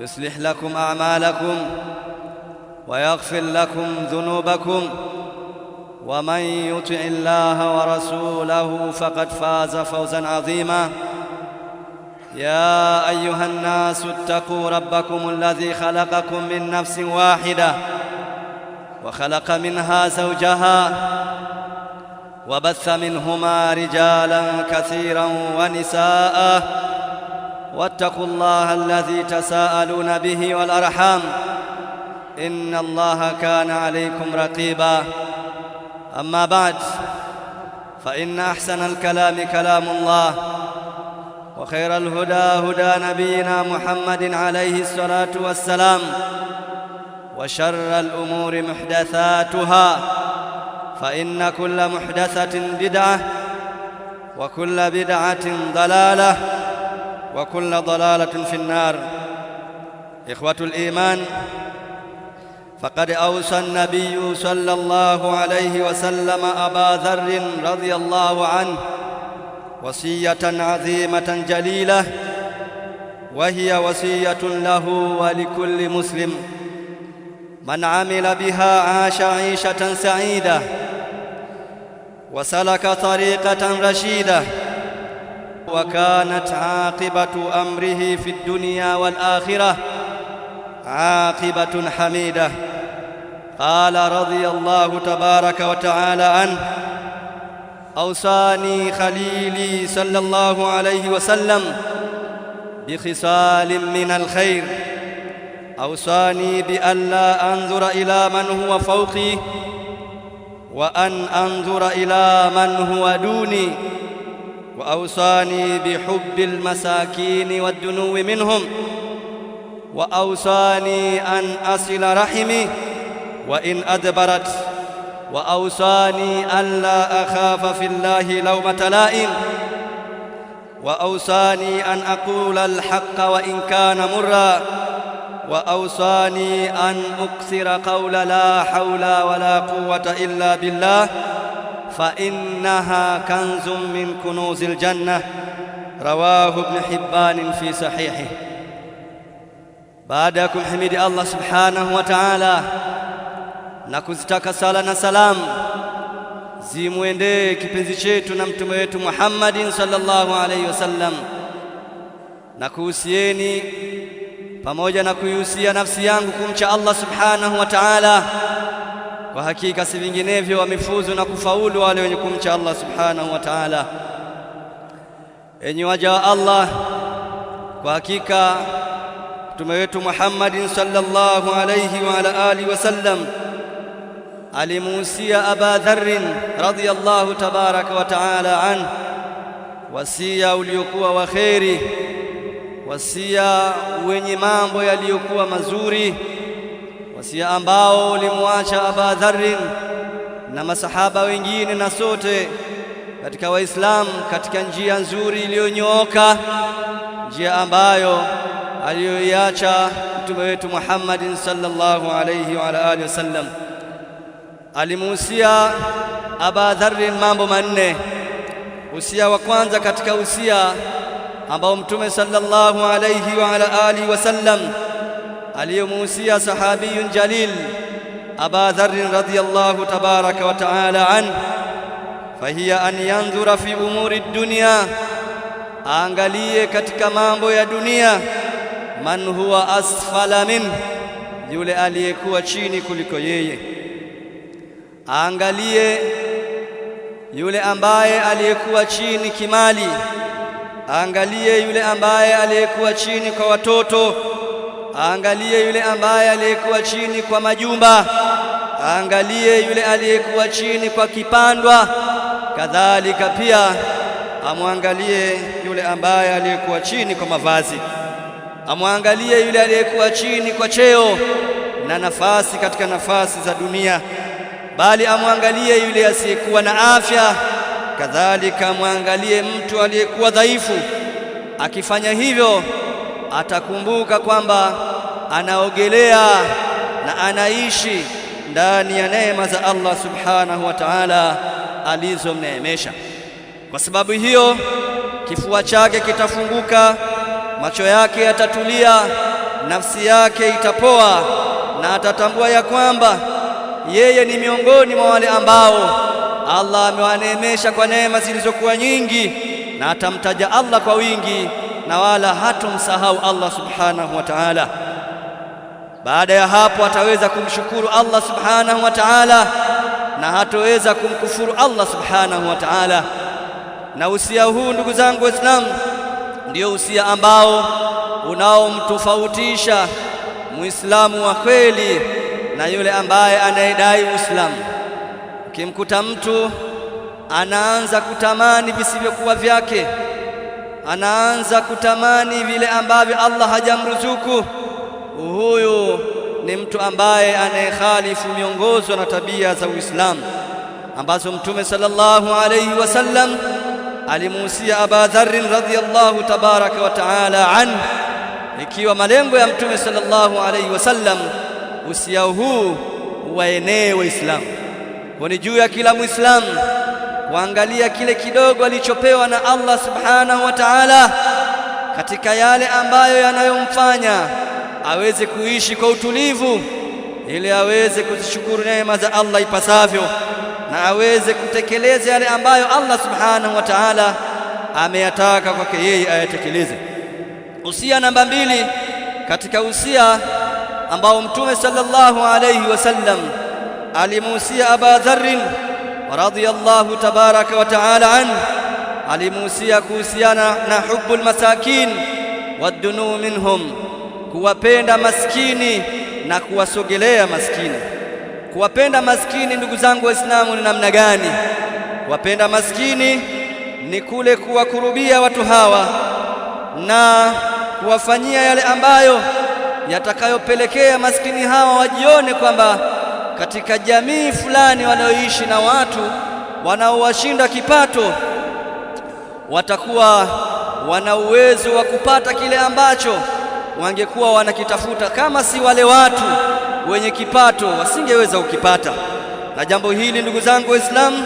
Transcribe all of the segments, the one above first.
يصلح لكم أعمالكم ويغفر لكم ذنوبكم ومن يطع الله ورسوله فقد فاز فوزا عظيما يا أيها الناس اتقوا ربكم الذي خلقكم من نفس واحدة وخلق منها زوجها وبث منهما رجالا كثيرا ونساءً واتقوا الله الذي تساءلون به والارحام ان الله كان عليكم رقيبا اما بعد فان احسن الكلام كلام الله وخير الهدى هدى نبينا محمد عليه الصلاه والسلام وشر الامور محدثاتها فان كل محدثه بدعه وكل بدعه ضلاله وكل ضلالة في النار إخوة الإيمان فقد أوصى النبي صلى الله عليه وسلم أبا ذر رضي الله عنه وصية عظيمة جليلة وهي وصية له ولكل مسلم من عمل بها عاش عيشة سعيدة وسلك طريقة رشيدة وكانت عاقبة أمره في الدنيا والآخرة عاقبة حميدة قال رضي الله تبارك وتعالى عنه أوصاني خليلي صلى الله عليه وسلم بخصال من الخير أوصاني بألا أنظر إلى من هو فوقي وأن أنظر إلى من هو دوني وأوصاني بحب المساكين والدنو منهم وأوصاني أن أصل رحمي وإن أدبرت وأوصاني ألا أخاف في الله لومة لائم وأوصاني أن أقول الحق وإن كان مرًّا وأوصاني أن أكثر قول لا حول ولا قوة إلا بالله فإنها كنز من كنوز الجنة رواه ابن حبان في صحيحه baada ya kumhimidi Allah subhanahu wa ta'ala na kuzitaka sala na salamu zimwendee kipenzi chetu na mtume wetu Muhammadin sallallahu alaihi wasallam, na kuhusieni pamoja na kuihusia nafsi yangu kumcha Allah subhanahu wa ta'ala kwa hakika si vinginevyo wamefuzu na kufaulu wale wenye kumcha Allah subhanahu wa ta'ala. Enyi waja wa Allah, kwa hakika mtume wetu Muhammadin sallallahu alayhi wa ala alihi wasallam alimuhusia Aba Dharrin radhiyallahu tabaraka wa taala an, wasia uliokuwa wa kheri, wasia wenye mambo yaliyokuwa mazuri wasia ambao ulimwacha Aba Dharrin na masahaba wengine na sote katika Waislamu katika njia nzuri iliyonyooka, njia ambayo aliyoiacha mtume wetu Muhammad sallallahu alayhi wa ala alihi wasallam. Alimuhusia Aba Dharrin mambo manne. Usia wa kwanza katika usia ambao mtume sallallahu alayhi wa ala alihi wasallam aliyomuhusia sahabiyun jalil aba dharrin radiyallahu tabaraka wa taala anhu fahiya an yandhura fi umuri dunya aangalie katika mambo ya dunia man huwa asfala min yule aliyekuwa chini kuliko yeye aangalie yule ambaye aliyekuwa chini kimali aangalie yule ambaye aliyekuwa chini kwa watoto aangalie yule ambaye aliyekuwa chini kwa majumba, aangalie yule aliyekuwa chini kwa kipandwa, kadhalika pia amwangalie yule ambaye aliyekuwa chini kwa mavazi, amwangalie yule aliyekuwa chini kwa cheo na nafasi katika nafasi za dunia, bali amwangalie yule asiyekuwa na afya, kadhalika amwangalie mtu aliyekuwa dhaifu. Akifanya hivyo atakumbuka kwamba anaogelea na anaishi ndani ya neema za Allah subhanahu wa ta'ala alizomneemesha. Kwa sababu hiyo, kifua chake kitafunguka, macho yake yatatulia, nafsi yake itapoa, na atatambua ya kwamba yeye ni miongoni mwa wale ambao Allah amewaneemesha kwa neema zilizokuwa nyingi, na atamtaja Allah kwa wingi na wala hatomsahau Allah subhanahu wa ta'ala. Baada ya hapo ataweza kumshukuru Allah subhanahu wa ta'ala na hatoweza kumkufuru Allah subhanahu wa ta'ala. Na usia huu ndugu zangu Waislamu, ndio usia ambao unaomtofautisha Muislamu wa kweli na yule ambaye anayedai Uislamu. Ukimkuta mtu anaanza kutamani visivyokuwa vyake anaanza kutamani vile ambavyo Allah hajamruzuku. Huyu ni mtu ambaye anayekhalifu miongozo na tabia za Uislamu ambazo Mtume sallallahu alayhi wasallam alimuhusia Aba Dharrin radhiyallahu tabaraka wa taala anhu, ikiwa malengo ya Mtume sallallahu alayhi wasallam usia huu waenee Waislamu, kwani juu ya kila Mwislamu waangalia kile kidogo alichopewa na Allah subhanahu wa ta'ala katika yale ambayo yanayomfanya aweze kuishi kwa utulivu ili aweze kuzishukuru neema za Allah ipasavyo na aweze kutekeleza yale ambayo Allah subhanahu wa ta'ala ameyataka kwake yeye ayatekeleze. Usia namba mbili katika usia ambao Mtume sallallahu alayhi wasallam alimuhusia Aba Dharrin radhiyallahu tabaraka wa taala anhu alimuhusia kuhusiana na hubbul masakin waddunuu minhum, kuwapenda maskini na kuwasogelea maskini. Kuwapenda maskini, ndugu zangu Waislamu, ni namna gani? Kuwapenda maskini ni kule kuwakurubia watu hawa na kuwafanyia yale ambayo yatakayopelekea maskini hawa wajione kwamba katika jamii fulani wanaoishi na watu wanaowashinda kipato, watakuwa wana uwezo wa kupata kile ambacho wangekuwa wanakitafuta. Kama si wale watu wenye kipato, wasingeweza kukipata. Na jambo hili ndugu zangu Waislamu,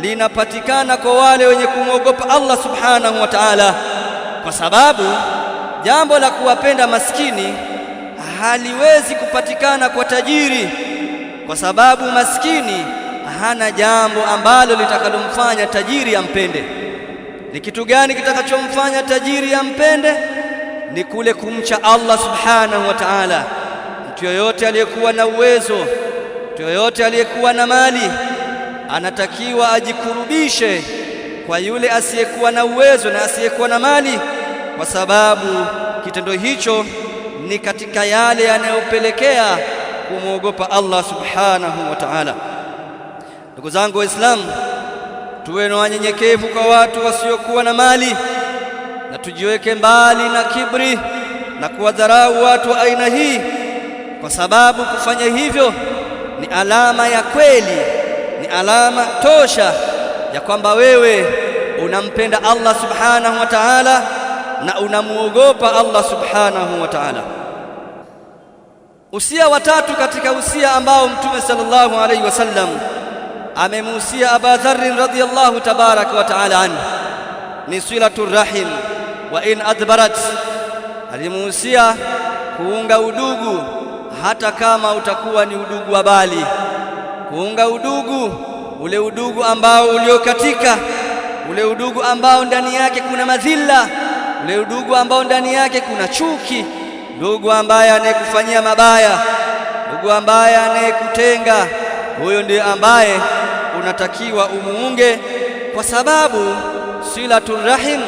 linapatikana kwa wale wenye kumwogopa Allah subhanahu wa ta'ala, kwa sababu jambo la kuwapenda maskini haliwezi kupatikana kwa tajiri kwa sababu maskini hana jambo ambalo litakalomfanya tajiri ampende. Ni kitu gani kitakachomfanya tajiri ampende? Ni kule kumcha Allah subhanahu wa ta'ala. Mtu yoyote aliyekuwa na uwezo, mtu yoyote aliyekuwa na mali, anatakiwa ajikurubishe kwa yule asiyekuwa na uwezo na asiyekuwa na mali, kwa sababu kitendo hicho ni katika yale yanayopelekea kumwogopa Allah subhanahu wa ta'ala. Ndugu zangu Waislamu, tuwe na wanyenyekevu kwa watu wasiokuwa na mali na tujiweke mbali na kibri na kuwadharau watu wa aina hii, kwa sababu kufanya hivyo ni alama ya kweli, ni alama tosha ya kwamba wewe unampenda Allah subhanahu wa ta'ala na unamuogopa Allah subhanahu wa ta'ala. Usia watatu katika usia ambao Mtume sallallahu alaihi wasallam amemuhusia Aba Dharr radhiyallahu tabaraka wa taala anhu ni silatu rahim wa in adbarat, alimuhusia kuunga udugu hata kama utakuwa ni udugu wa bali, kuunga udugu ule udugu ambao uliokatika, ule udugu ambao ndani yake kuna madhila, ule udugu ambao ndani yake kuna chuki ndugu ambaye anayekufanyia mabaya, ndugu ambaye anayekutenga, huyo ndiye ambaye unatakiwa umuunge, kwa sababu silatul rahim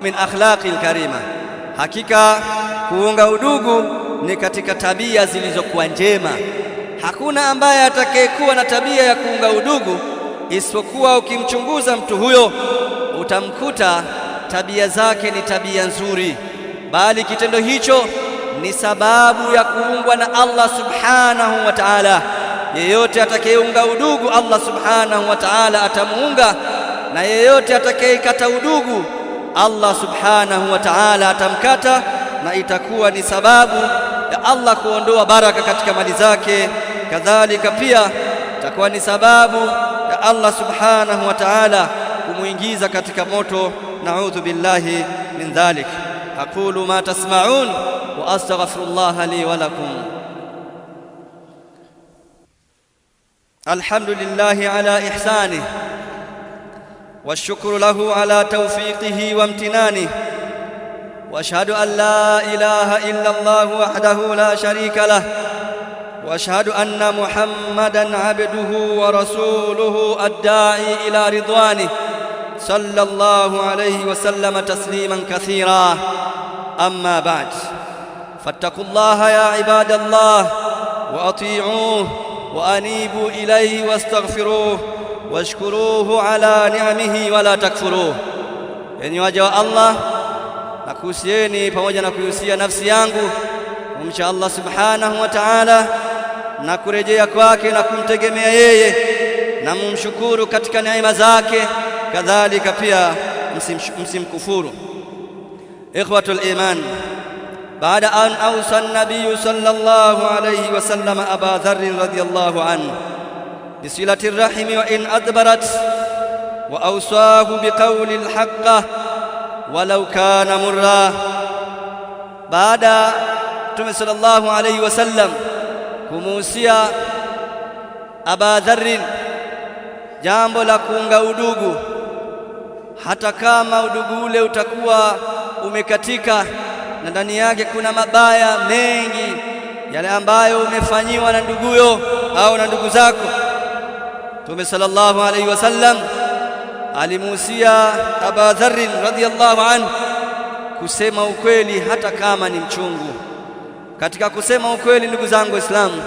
min akhlaqil karima, hakika kuunga udugu ni katika tabia zilizokuwa njema. Hakuna ambaye atakayekuwa na tabia ya kuunga udugu isipokuwa ukimchunguza mtu huyo utamkuta tabia zake ni tabia nzuri bali kitendo hicho ni sababu ya kuungwa na Allah subhanahu wa ta'ala. Yeyote atakayeunga udugu Allah subhanahu wa ta'ala atamuunga, na yeyote atakayekata udugu Allah subhanahu wa ta'ala atamkata, na itakuwa ni sababu ya Allah kuondoa baraka katika mali zake. Kadhalika pia itakuwa ni sababu ya Allah subhanahu wa ta'ala kumwingiza katika moto, naudhu billahi min dhalik. أقول ما تسمعون وأستغفر الله لي ولكم الحمد لله على إحسانه والشكر له على توفيقه وامتنانه واشهد ان لا اله الا الله وحده لا شريك له واشهد ان محمدا عبده ورسوله الداعي الى رضوانه صلى الله عليه وسلم تسليما كثيرا أما بعد فاتقوا الله يا عباد الله وأطيعوه وأنيبوا إليه واستغفروه واشكروه على نعمه ولا تكفروه يعني وجه الله نكوسيني فوجه نكوسي نفسي يانغو إن شاء الله سبحانه وتعالى نكوريجي أكواكي نكوم تجمي أيه نمشكورو كتك نعيم زاكي كذلك فيا مسلم كفور إخوة الإيمان بعد أن أوصى النبي صلى الله عليه وسلم أبا ذر رضي الله عنه بصلة الرحم وإن أدبرت وأوصاه بقول الحق ولو كان مرا بعد تم صلى الله عليه وسلم كموسيا أبا ذر جامب لكم غودوغو hata kama udugu ule utakuwa umekatika na ndani yake kuna mabaya mengi yale ambayo umefanyiwa na nduguyo au na ndugu zako. Mtume sallallahu alaihi wasallam alimuhusia Aba Dharr radhiyallahu anhu kusema ukweli hata kama ni mchungu. Katika kusema ukweli, ndugu zangu Waislamu,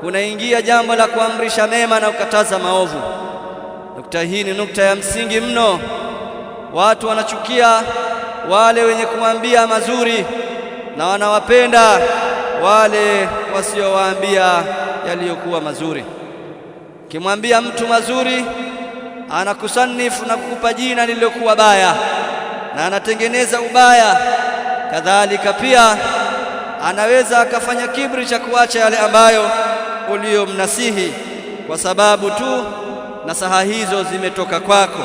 kunaingia jambo la kuamrisha mema na kukataza maovu. Nukta hii ni nukta ya msingi mno watu wanachukia wale wenye kumwambia mazuri na wanawapenda wale wasiowaambia yaliyokuwa mazuri. Kimwambia mtu mazuri, anakusanifu na kukupa jina lililokuwa baya na anatengeneza ubaya. Kadhalika pia anaweza akafanya kibri cha kuacha yale ambayo uliyomnasihi, kwa sababu tu nasaha hizo zimetoka kwako.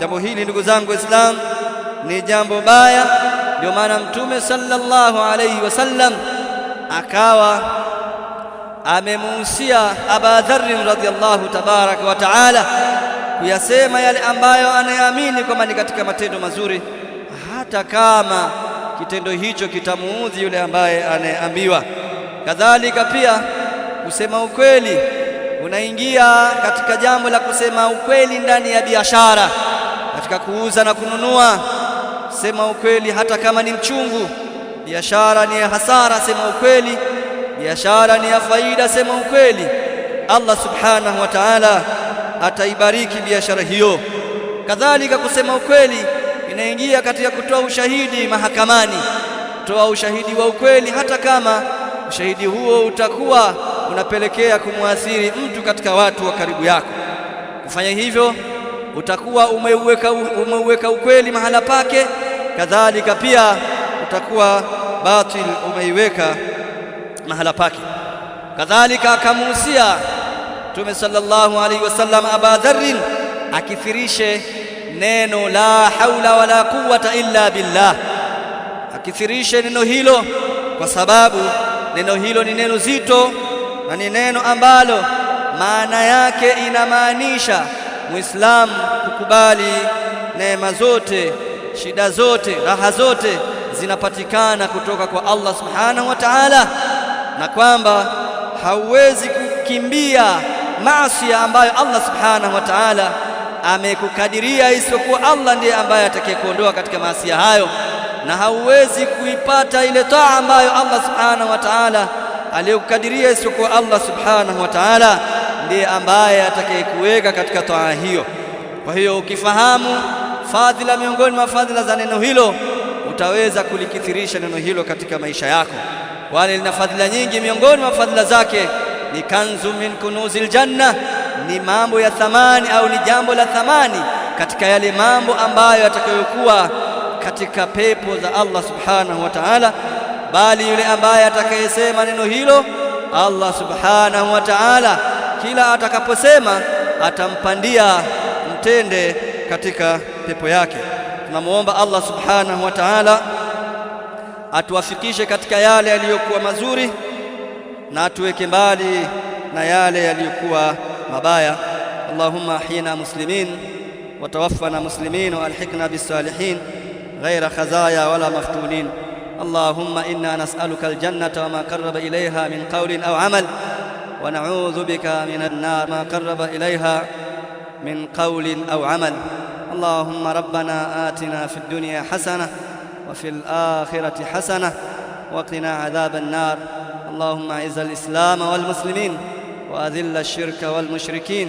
Jambo hili ndugu zangu Waislamu ni jambo baya. Ndio maana Mtume sallallahu alayhi wasallam akawa amemuhusia Aba Dharrin radhiyallahu tabaraka wa taala kuyasema yale ambayo anayeamini kwamba ni katika matendo mazuri, hata kama kitendo hicho kitamuudhi yule ambaye anayeambiwa. Kadhalika pia kusema ukweli, unaingia katika jambo la kusema ukweli ndani ya biashara katika kuuza na kununua. Sema ukweli, hata kama ni mchungu. Biashara ni ya hasara, sema ukweli. Biashara ni ya faida, sema ukweli. Allah subhanahu wa ta'ala ataibariki biashara hiyo. Kadhalika, kusema ukweli inaingia katika kutoa ushahidi mahakamani. Toa ushahidi wa ukweli, hata kama ushahidi huo utakuwa unapelekea kumwathiri mtu katika watu wa karibu yako. Kufanya hivyo utakuwa umeuweka, umeuweka ukweli mahala pake, kadhalika pia utakuwa batil umeiweka mahala pake. Kadhalika akamuhusia Mtume sallallahu alaihi wasallam Aba Dharrin akithirishe neno la haula wala quwwata illa billah, akithirishe neno hilo kwa sababu neno hilo ni neno zito na ni neno ambalo maana yake inamaanisha muislam kukubali neema zote, shida zote, raha zote zinapatikana kutoka kwa Allah subhanahu wa ta'ala, na kwamba hauwezi kukimbia maasi ambayo Allah subhanahu wa ta'ala amekukadiria, isipokuwa Allah ndiye ambaye atakayekuondoa katika maasi hayo, na hauwezi kuipata ile taa ambayo Allah subhanahu wa ta'ala aliyokukadiria, isipokuwa Allah subhanahu wa ta'ala ndiye ambaye atakayekuweka katika taa hiyo. Kwa hiyo ukifahamu fadhila miongoni mwa fadhila za neno hilo, utaweza kulikithirisha neno hilo katika maisha yako, kwani lina fadhila nyingi. Miongoni mwa fadhila zake ni kanzu min kunuzil janna, ni mambo ya thamani au ni jambo la thamani katika yale mambo ambayo yatakayokuwa katika pepo za Allah subhanahu wa ta'ala. Bali yule ambaye atakayesema neno hilo Allah subhanahu wa ta'ala kila atakaposema atampandia mtende katika pepo yake. Tunamwomba Allah subhanahu wa ta'ala atuwafikishe katika yale yaliyokuwa mazuri na atuweke mbali na yale yaliyokuwa mabaya. Allahumma ahyina muslimin wa tawaffana muslimin wa alhiqna bis ghaira khazaya wala maftunin. Allahumma inna nas'aluka al-jannata wa ma qarraba ilayha min qawlin aw amal ونعوذ بك من النار ما قرب إليها من قول أو عمل اللهم ربنا آتنا في الدنيا حسنة وفي الآخرة حسنة وقنا عذاب النار اللهم أعز الإسلام والمسلمين وأذل الشرك والمشركين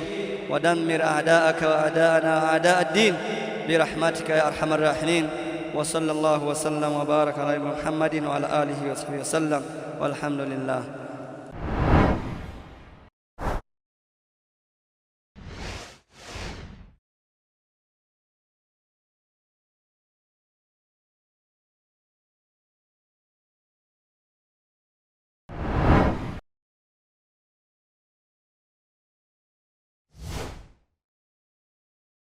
ودمر أعداءك وأعداءنا وأعداء الدين برحمتك يا أرحم الراحمين وصلى الله وسلم وبارك على محمد وعلى آله وصحبه وسلم والحمد لله